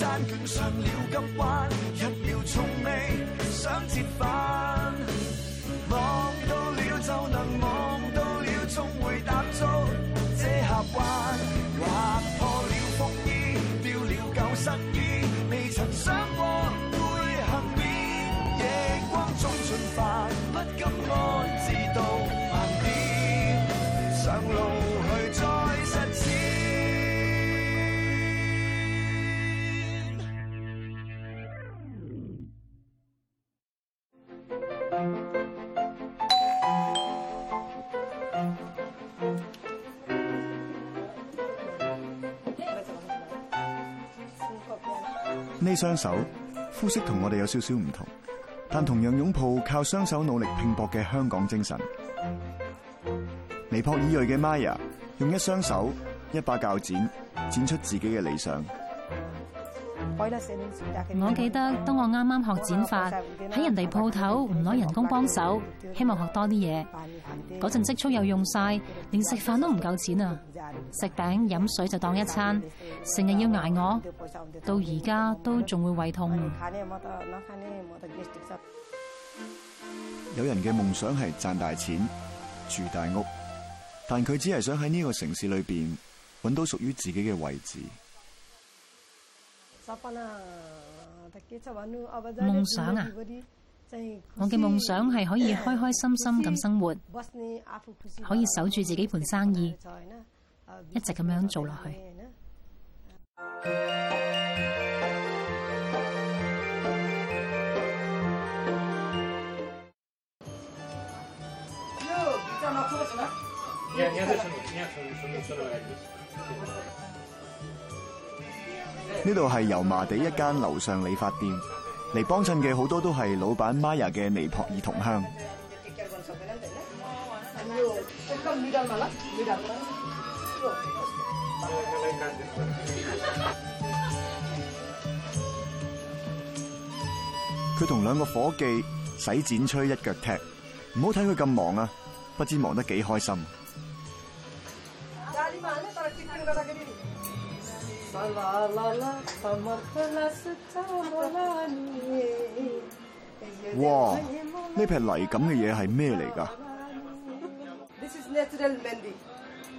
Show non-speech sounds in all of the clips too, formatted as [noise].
山捲上了急彎，一秒從未想折返。望到了就能望到了，終會踏足這峽灣。劃破了風衣，掉了舊失意，未曾想過。呢雙手膚色同我哋有少少唔同，但同樣擁抱靠雙手努力拼搏嘅香港精神。尼泊爾裔嘅 Maya 用一雙手一把鉸剪，剪出自己嘅理想。我記得當我啱啱學剪髮，喺人哋鋪頭唔攞人工幫手，希望學多啲嘢。嗰陣積蓄又用晒，連食飯都唔夠錢啊！食餅飲水就當一餐，成日要挨餓，到而家都仲會胃痛。有人嘅夢想係賺大錢、住大屋，但佢只係想喺呢個城市裏邊搵到屬於自己嘅位置。夢想啊！我嘅夢想係可以開開心心咁生活，可以守住自己盤生意。一直咁樣做落去。呢度係油麻地一間樓上理髮店，嚟幫襯嘅好多都係老闆 Maya 嘅尼泊爾同鄉。佢同兩個伙計洗剪吹一腳踢，唔好睇佢咁忙啊，不知忙得幾開心。哇！呢批泥咁嘅嘢係咩嚟噶？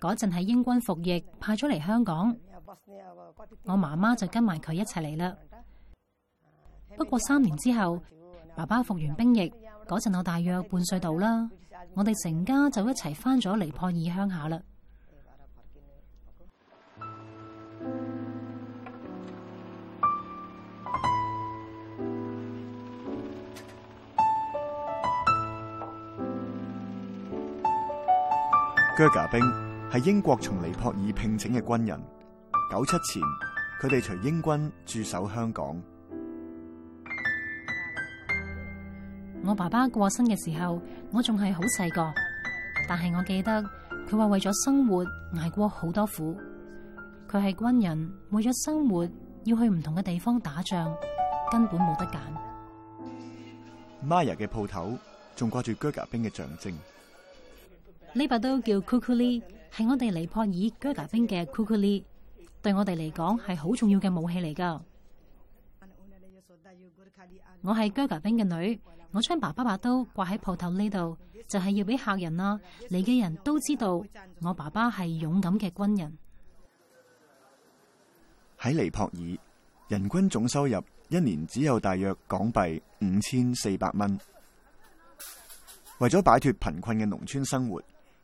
嗰陣喺英軍服役，派咗嚟香港，我媽媽就跟埋佢一齊嚟啦。不過三年之後，爸爸服完兵役，嗰陣我大約半歲度啦，我哋成家就一齊翻咗尼泊爾鄉下啦。啹喀兵係英國從尼泊爾聘請嘅軍人，九七前佢哋隨英軍駐守香港。我爸爸過身嘅時候，我仲係好細個，但係我記得佢話為咗生活挨過好多苦。佢係軍人，為咗生活要去唔同嘅地方打仗，根本冇得揀。Maya 嘅鋪頭仲掛住啹喀兵嘅象徵。呢把刀叫庫庫利，係我哋尼泊爾啹喀兵嘅庫庫利，對我哋嚟講係好重要嘅武器嚟噶。我係啹喀兵嘅女，我將爸爸把刀掛喺鋪頭呢度，就係要俾客人啦嚟嘅人都知道我爸爸係勇敢嘅軍人。喺尼泊爾，人均總收入一年只有大約港幣五千四百蚊，為咗擺脫貧困嘅農村生活。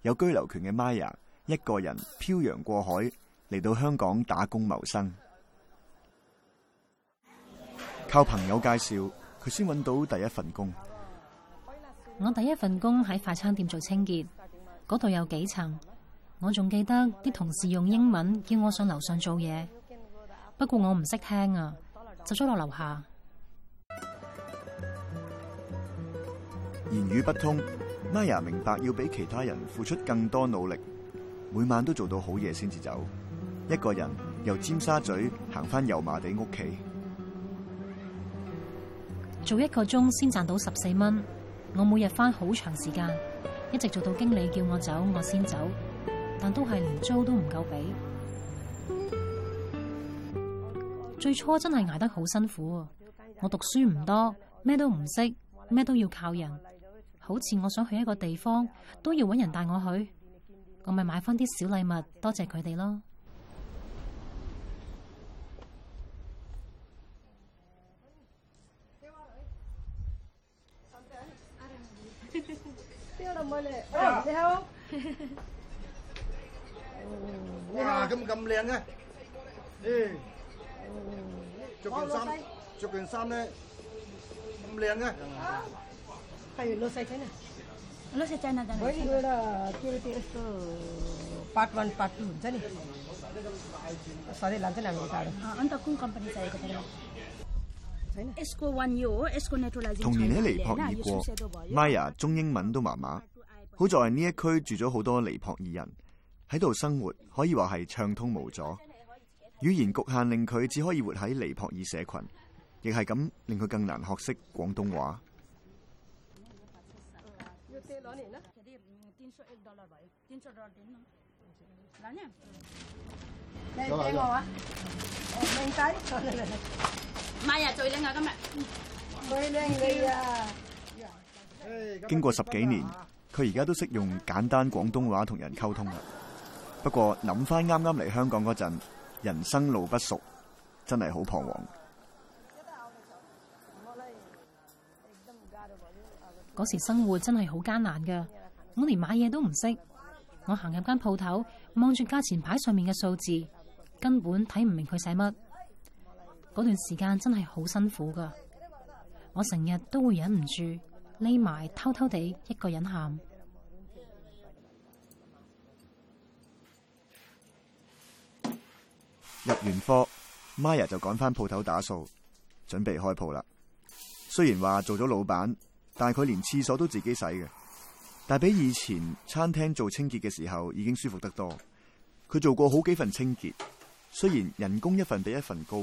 有居留權嘅 Maya，一個人漂洋過海嚟到香港打工謀生，靠朋友介紹，佢先搵到第一份工。我第一份工喺快餐店做清潔，嗰度有幾層，我仲記得啲同事用英文叫我上樓上做嘢，不過我唔識聽啊，就咗落樓下，言語不通。Maya 明白，要比其他人付出更多努力，每晚都做到好夜先至走。一個人由尖沙咀行返油麻地屋企，做一個鐘先賺到十四蚊。我每日返好長時間，一直做到經理叫我走，我先走，但都係連租都唔夠俾。最初真係捱得好辛苦，我讀書唔多，咩都唔識，咩都要靠人。好似我想去一個地方，都要搵人帶我去，我咪買翻啲小禮物多謝佢哋咯。你好，你好，咁咁靚嘅，誒，着件衫，着件衫咧咁靚嘅。開我我我同年喺尼泊爾過，Maya 中英文都麻麻。好在呢一區住咗好多尼泊爾人喺度生活，可以話係暢通無阻。語言局限令佢只可以活喺尼泊爾社群，亦係咁令佢更難學識廣東話。幾多年啦？嗰啲三千多一美元吧，三千多點。幾多啊？靚唔靚我啊？靚仔，今日最靚啊！今日最靚女啊！經過十幾年，佢而家都識用簡單廣東話同人溝通啦。不過諗返啱啱嚟香港嗰陣，人生路不熟，真係好彷徨。嗰時生活真係好艱難噶，我連買嘢都唔識。我行入間鋪頭，望住價錢牌上面嘅數字，根本睇唔明佢寫乜。嗰段時間真係好辛苦噶，我成日都會忍唔住匿埋偷偷地一個人喊。入完貨 Maya 就趕返鋪頭打掃，準備開鋪啦。雖然話做咗老闆，但佢連廁所都自己洗嘅，但比以前餐廳做清潔嘅時候已經舒服得多。佢做過好幾份清潔，雖然人工一份比一份高，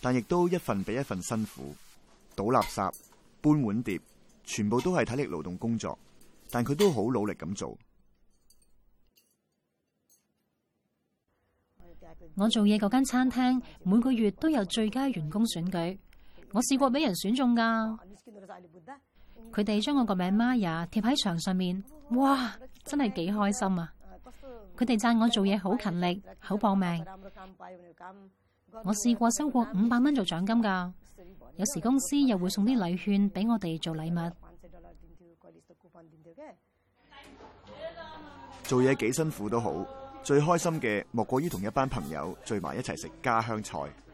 但亦都一份比一份辛苦，倒垃圾、搬碗碟，全部都係體力勞動工作，但佢都好努力咁做。我做嘢嗰間餐廳每個月都有最佳員工選舉，我試過俾人選中噶。佢哋將我個名 Maya 貼喺牆上面，哇！真係幾開心啊！佢哋讚我做嘢好勤力、好搏命。我試過收過五百蚊做獎金㗎，有時公司又會送啲禮券俾我哋做禮物。做嘢幾辛苦都好，最開心嘅莫過於同一班朋友聚埋一齊食家鄉菜。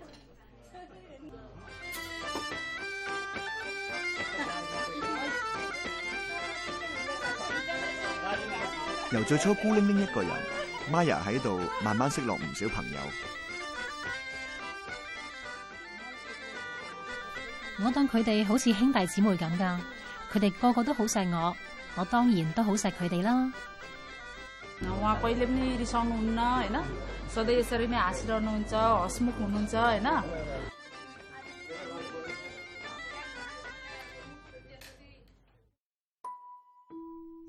由最初孤零零一個人 Maya 喺度慢慢識落唔少朋友。我當佢哋好似兄弟姊妹咁噶，佢哋個個都好錫我，我當然都好錫佢哋我啦。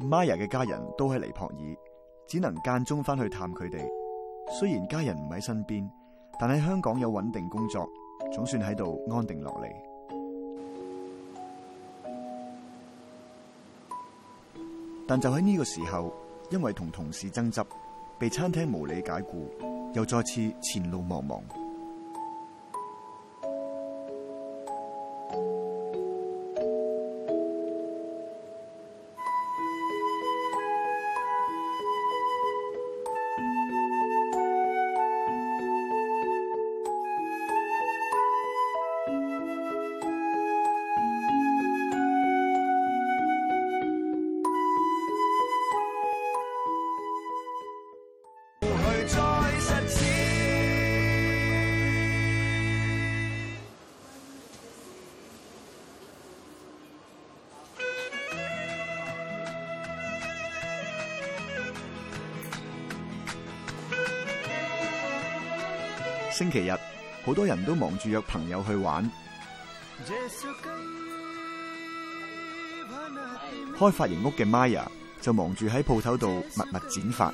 Maya 嘅家人都喺尼泊爾，只能間中翻去探佢哋。雖然家人唔喺身邊，但喺香港有穩定工作，總算喺度安定落嚟。但就喺呢個時候，因為同同事爭執，被餐廳無理解僱，又再次前路茫茫。星期日，好多人都忙住約朋友去玩。開髮型屋嘅 Maya 就忙住喺鋪頭度密密剪髮。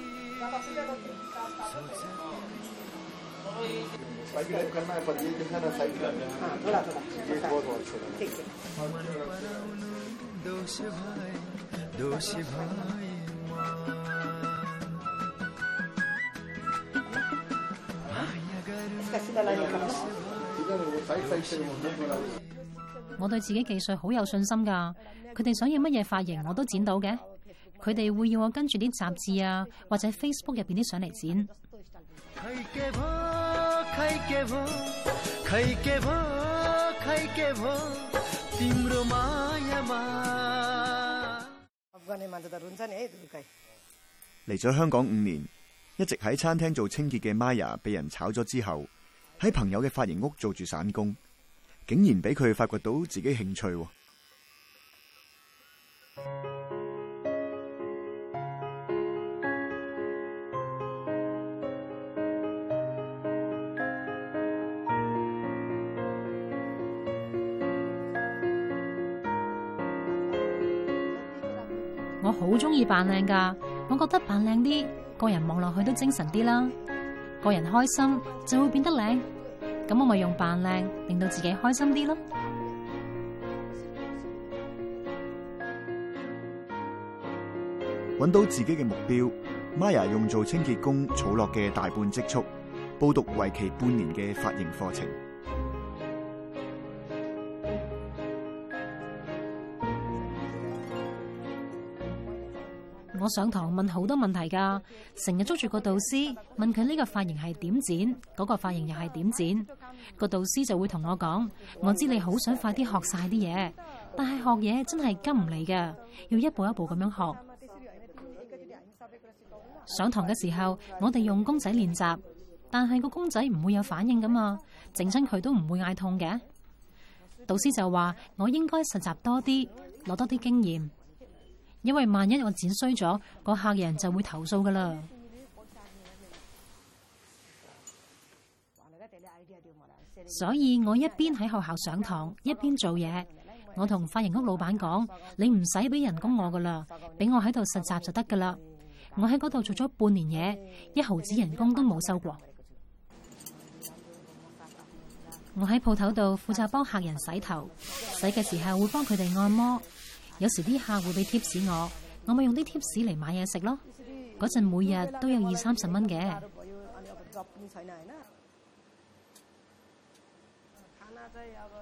我對自己技術好有信心㗎，佢哋想要乜嘢髮型我都剪到嘅。佢哋會要我跟住啲雜誌啊，或者 Facebook 入邊啲相嚟剪。嚟咗香港五年，一直喺餐廳做清潔嘅 Maya 被人炒咗之後。喺朋友嘅髮型屋做住散工，竟然俾佢發掘到自己興趣。我好中意扮靚噶，我覺得扮靚啲，個人望落去都精神啲啦。個人開心就會變得靚，咁我咪用扮靚令到自己開心啲咯。揾到自己嘅目標，Maya 用做清潔工儲落嘅大半積蓄，報讀為期半年嘅髮型課程。我上堂，問好多問題噶，成日捉住個導師問佢呢個髮型係點剪，嗰個髮型又係點剪，個導師就會同我講：我知你好想快啲學晒啲嘢，但係學嘢真係急唔嚟嘅，要一步一步咁樣學。上堂嘅時候，我哋用公仔練習，但係個公仔唔會有反應噶嘛，整親佢都唔會嗌痛嘅。導師就話：我應該實習多啲，攞多啲經驗。因為萬一我剪衰咗，個客人就會投訴噶啦。所以我一邊喺學校上堂，一邊做嘢。我同髮型屋老闆講：你唔使俾人工我噶啦，俾我喺度實習就得噶啦。我喺嗰度做咗半年嘢，一毫子人工都冇收過。我喺鋪頭度負責幫客人洗頭，洗嘅時候會幫佢哋按摩。有時啲客戶俾貼士我，我咪用啲貼士嚟買嘢食咯。嗰陣每日都有二三十蚊嘅，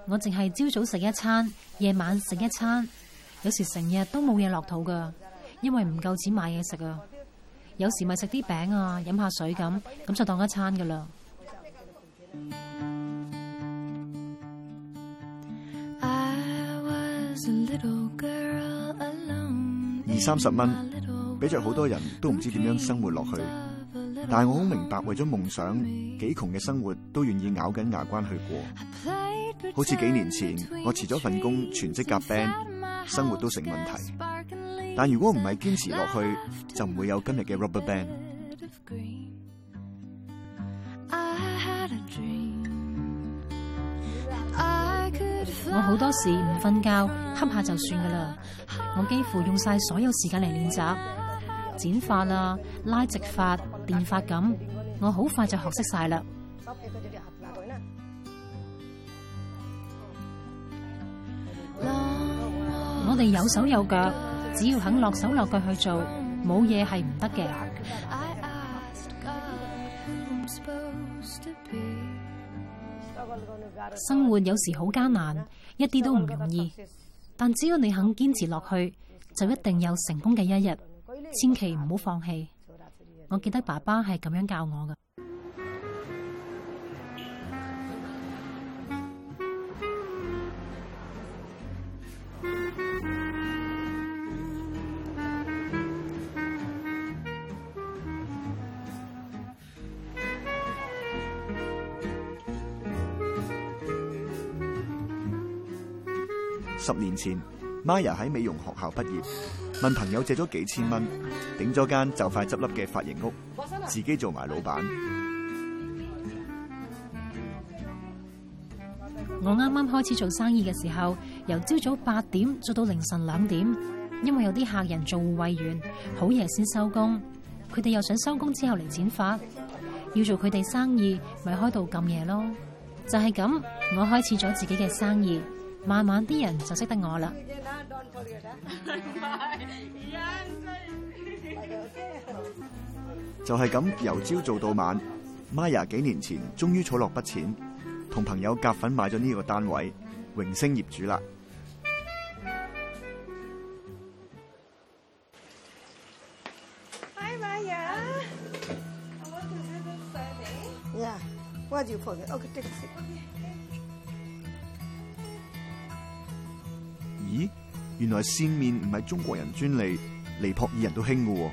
我淨係朝早食一餐，夜晚食一餐。有時成日都冇嘢落肚㗎，因為唔夠錢買嘢食啊。有時咪食啲餅啊，飲下水咁，咁就當一餐㗎喇。二三十蚊，俾著好多人都唔知點樣生活落去。但係我好明白，為咗夢想，幾窮嘅生活都願意咬緊牙關去過。好似幾年前，我辭咗份工，全職夾 band，生活都成問題。但如果唔係堅持落去，就唔會有今日嘅 RubberBand。我好多時唔瞓覺，瞌下就算噶啦。我幾乎用晒所有時間嚟練習剪髮啦、拉直髮、電髮咁，我好快就學識晒啦。 [music] 我哋有手有腳，只要肯落手落腳去做，冇嘢係唔得嘅。 [music] 生活有時好艱難，一啲都唔容易。但只要你肯堅持落去，就一定有成功嘅一日。千祈唔好放棄。我記得爸爸係咁樣教我嘅。十年前 Maya 喺美容學校畢業，問朋友借咗幾千蚊，頂咗間就快執笠嘅髮型屋，自己做埋老闆。我啱啱開始做生意嘅時候，由朝早八點做到凌晨兩點，因為有啲客人做護衛員，好夜先收工，佢哋又想收工之後嚟剪髮，要做佢哋生意，咪開到咁夜咯。就係、是、咁，我開始咗自己嘅生意。慢慢啲人就識得我啦。就係咁由朝做到晚，Maya 幾年前終於儲落筆錢，同朋友夾份買咗呢個單位，榮升業主啦。Hi 原來線面唔係中國人專利，尼泊爾人都興噶喎，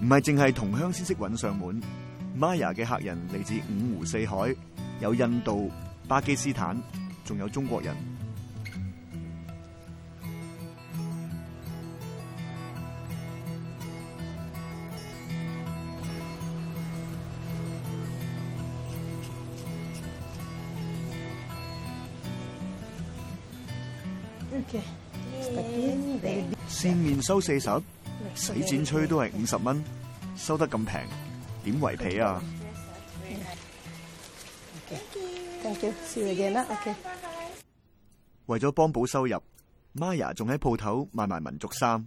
唔係淨係同鄉先識揾上門，Maya 嘅客人嚟自五湖四海，有印度、巴基斯坦，仲有中國人。扇面收四十，洗剪吹都係五十蚊，收得咁平，點圍皮啊？為咗幫補收入，瑪雅仲喺鋪頭賣埋民族衫。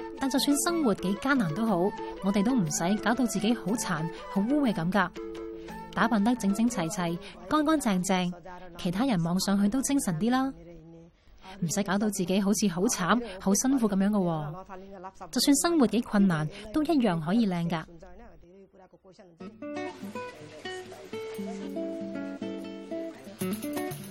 但就算生活幾艱難都好，我哋都唔使搞到自己好殘好污嘅感覺，打扮得整整齊齊、乾乾淨淨，其他人望上去都精神啲啦。唔使搞到自己好似好慘、好辛苦咁樣噶。就算生活幾困難，都一樣可以靚噶。嗯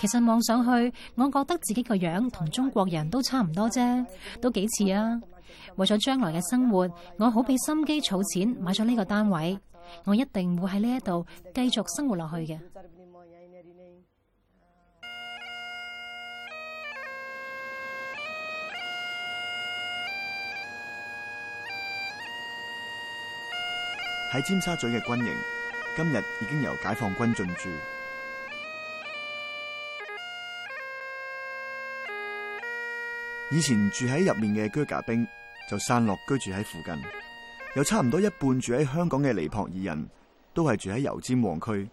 其實望上去，我覺得自己個樣同中國人都差唔多啫，都幾似啊！為咗將來嘅生活，我好俾心機儲錢買咗呢個單位，我一定會喺呢一度繼續生活落去嘅。喺尖沙咀嘅軍營，今日已經由解放軍進駐。以前住喺入面嘅啹喀兵就散落居住喺附近，有差唔多一半住喺香港嘅尼泊爾人，都係住喺油尖旺區，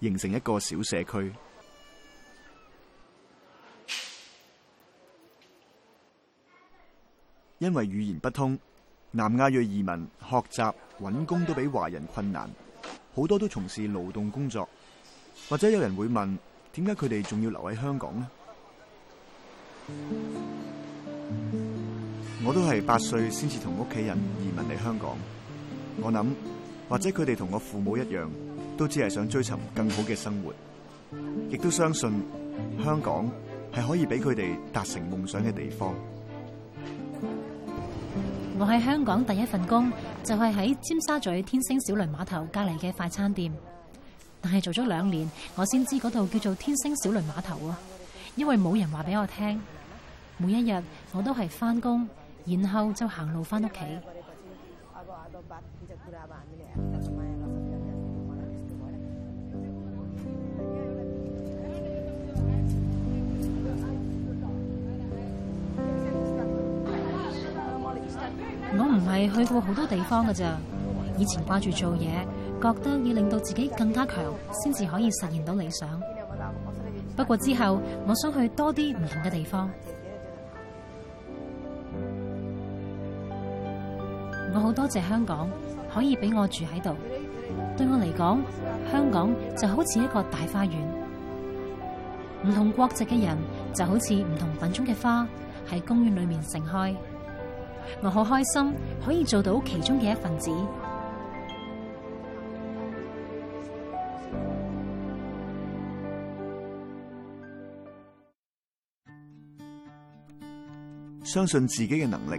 形成一個小社區。因為語言不通，南亞裔移民學習、搵工都比華人困難，好多都從事勞動工作。或者有人會問，點解佢哋仲要留喺香港呢？我都係八歲先至同屋企人移民嚟香港，我諗或者佢哋同我父母一樣，都只係想追尋更好嘅生活，亦都相信香港係可以俾佢哋達成夢想嘅地方。我喺香港第一份工就係喺尖沙咀天星小輪碼頭隔籬嘅快餐店，但係做咗兩年，我先知嗰度叫做天星小輪碼頭啊，因為冇人話俾我聽。每一日我都係返工，然後就行路返屋企。嗯、我唔係去過好多地方㗎咋，以前掛住做嘢，覺得要令到自己更加強，先至可以實現到理想。不過之後，我想去多啲唔同嘅地方。我好多謝香港，可以俾我住喺度。對我嚟講，香港就好似一個大花園，唔同國籍嘅人就好似唔同品種嘅花喺公園裏面盛開。我好開心可以做到其中嘅一份子。相信自己嘅能力。